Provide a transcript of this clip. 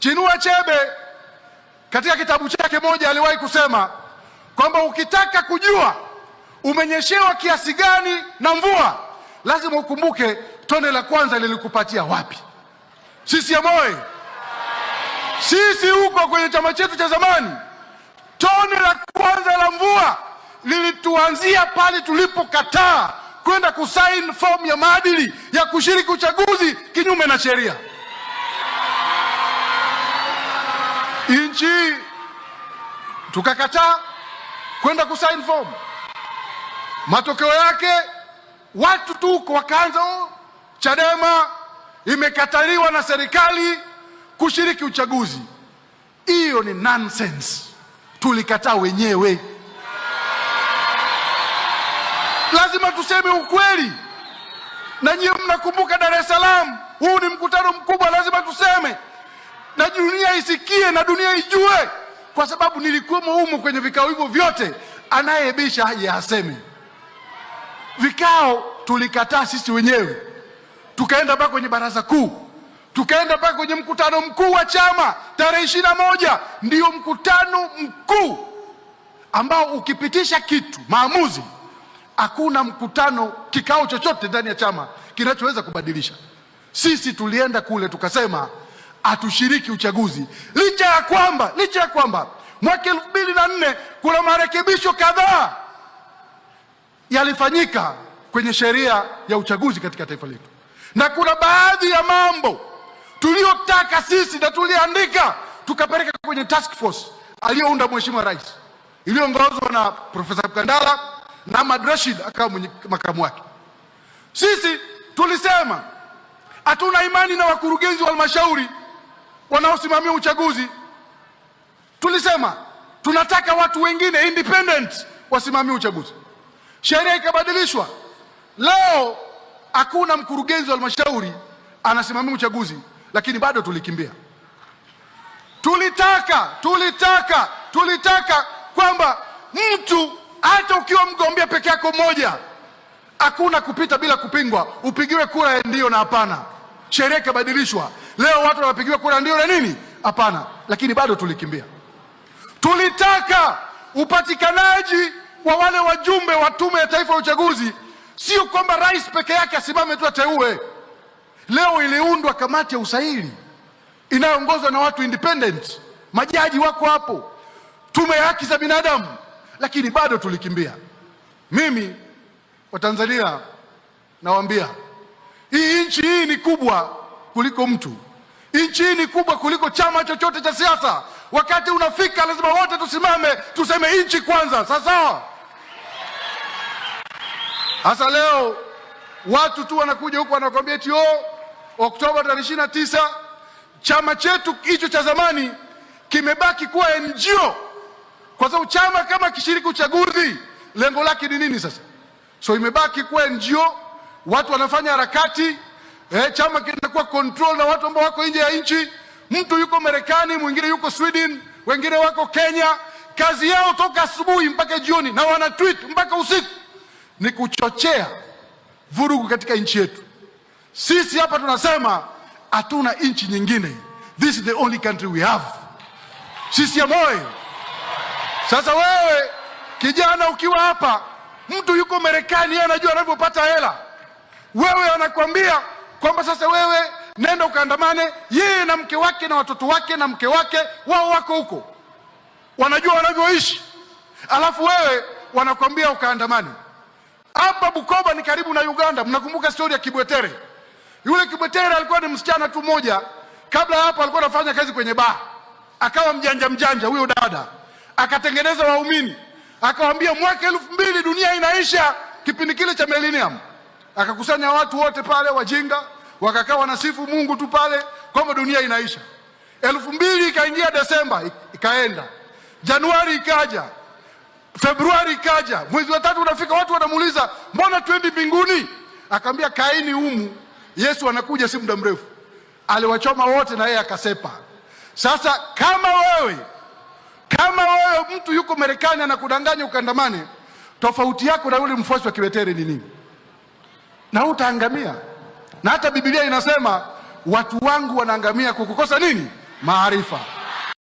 Chinua Achebe katika kitabu chake moja aliwahi kusema kwamba ukitaka kujua umenyeshewa kiasi gani na mvua, lazima ukumbuke tone la kwanza lilikupatia wapi. Sisi amoye, sisi huko kwenye chama chetu cha zamani, tone la kwanza la mvua lilituanzia pale tulipokataa kwenda kusaini fomu ya maadili ya kushiriki uchaguzi kinyume na sheria. nchi, tukakataa kwenda kusign form. Matokeo yake watu tu wakaanza Chadema imekataliwa na serikali kushiriki uchaguzi. Hiyo ni nonsense, tulikataa wenyewe. Lazima tuseme ukweli, na nyie mnakumbuka Dar es Salaam, huu ni mkutano mkubwa, lazima tuseme na dunia isikie na dunia ijue, kwa sababu nilikuwemo humo kwenye vikao hivyo vyote. Anayebisha haje aseme. Vikao tulikataa sisi wenyewe, tukaenda mpaka kwenye baraza kuu, tukaenda mpaka kwenye mkutano mkuu wa chama tarehe ishirini na moja ndiyo mkutano mkuu ambao ukipitisha kitu maamuzi, hakuna mkutano kikao chochote ndani ya chama kinachoweza kubadilisha. Sisi tulienda kule tukasema hatushiriki uchaguzi, licha ya kwamba licha ya kwamba mwaka elfu mbili na nne kuna marekebisho kadhaa yalifanyika kwenye sheria ya uchaguzi katika taifa letu, na kuna baadhi ya mambo tuliyotaka sisi na tuliandika tukapeleka kwenye task force aliyounda Mheshimiwa Rais iliyoongozwa na Profesa Mkandala na Ahmad Rashid akawa makamu wake. Sisi tulisema hatuna imani na wakurugenzi wa halmashauri wanaosimamia uchaguzi tulisema tunataka watu wengine independent wasimamie uchaguzi. Sheria ikabadilishwa, leo hakuna mkurugenzi wa halmashauri anasimamia uchaguzi, lakini bado tulikimbia. Tulitaka, tulitaka, tulitaka kwamba mtu hata ukiwa mgombea peke yako mmoja, hakuna kupita bila kupingwa, upigiwe kura ya ndio na hapana sheria ikabadilishwa, leo watu wanapigiwa kura ndio na nini hapana, lakini bado tulikimbia. Tulitaka upatikanaji wa wale wajumbe wa Tume ya Taifa ya Uchaguzi, sio kwamba rais peke yake asimame tu ateue. Leo iliundwa kamati ya usaili inayoongozwa na watu independent, majaji wako hapo, tume ya haki za binadamu, lakini bado tulikimbia. Mimi Watanzania nawaambia hii nchi hii ni kubwa kuliko mtu, nchi hii ni kubwa kuliko chama chochote cha siasa. Wakati unafika lazima wote tusimame tuseme nchi kwanza, sawasawa? Sasa leo watu tu wanakuja huku wanakwambia eti oh, Oktoba tarehe ishirini na tisa chama chetu hicho cha zamani kimebaki kuwa NGO, kwa sababu chama kama kishiriki uchaguzi lengo lake ni nini sasa? So imebaki kuwa NGO watu wanafanya harakati eh, chama kinakuwa control na watu ambao wako nje ya nchi. Mtu yuko Marekani, mwingine yuko Sweden, wengine wako Kenya. Kazi yao toka asubuhi mpaka jioni, na wana tweet mpaka usiku, ni kuchochea vurugu katika nchi yetu. Sisi hapa tunasema hatuna nchi nyingine, this is the only country we have. Sisi amoye. Sasa wewe kijana ukiwa hapa, mtu yuko Marekani, yeye anajua anavyopata hela wewe anakwambia kwamba sasa wewe nenda ukaandamane, yeye na mke wake na watoto wake na mke wake wao wako huko, wanajua wanavyoishi, alafu wewe wanakwambia ukaandamane. Hapa Bukoba ni karibu na Uganda. Mnakumbuka stori ya Kibwetere? Yule Kibwetere alikuwa ni msichana tu mmoja, kabla ya hapo alikuwa anafanya kazi kwenye baa, akawa mjanja mjanja huyo dada, akatengeneza waumini, akawambia mwaka elfu mbili dunia inaisha, kipindi kile cha millennium akakusanya watu wote pale wajinga, wakakaa wanasifu Mungu tu pale kwamba dunia inaisha. elfu mbili ikaingia Desemba ikaenda, Januari ikaja, Februari ikaja, mwezi wa tatu unafika, watu wanamuuliza mbona twendi mbinguni? Akaambia kaini humu, Yesu anakuja si muda mrefu. Aliwachoma wote na yeye akasepa. Sasa kama wewe kama wewe mtu yuko Marekani anakudanganya ukandamane, tofauti yako na yule mfuasi wa kiweteri ni nini? na utaangamia. Na hata Biblia inasema watu wangu wanaangamia kwa kukosa nini? Maarifa.